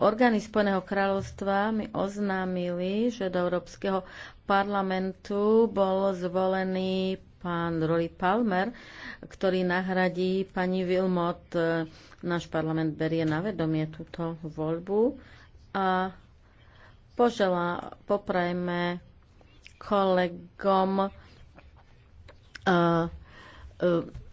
orgány Spojeného kráľovstva mi oznámili, že do Európskeho parlamentu bol zvolený pán Rory Palmer, ktorý nahradí pani Wilmot. Náš parlament berie na vedomie túto voľbu a požela, poprajme kolegom uh, uh,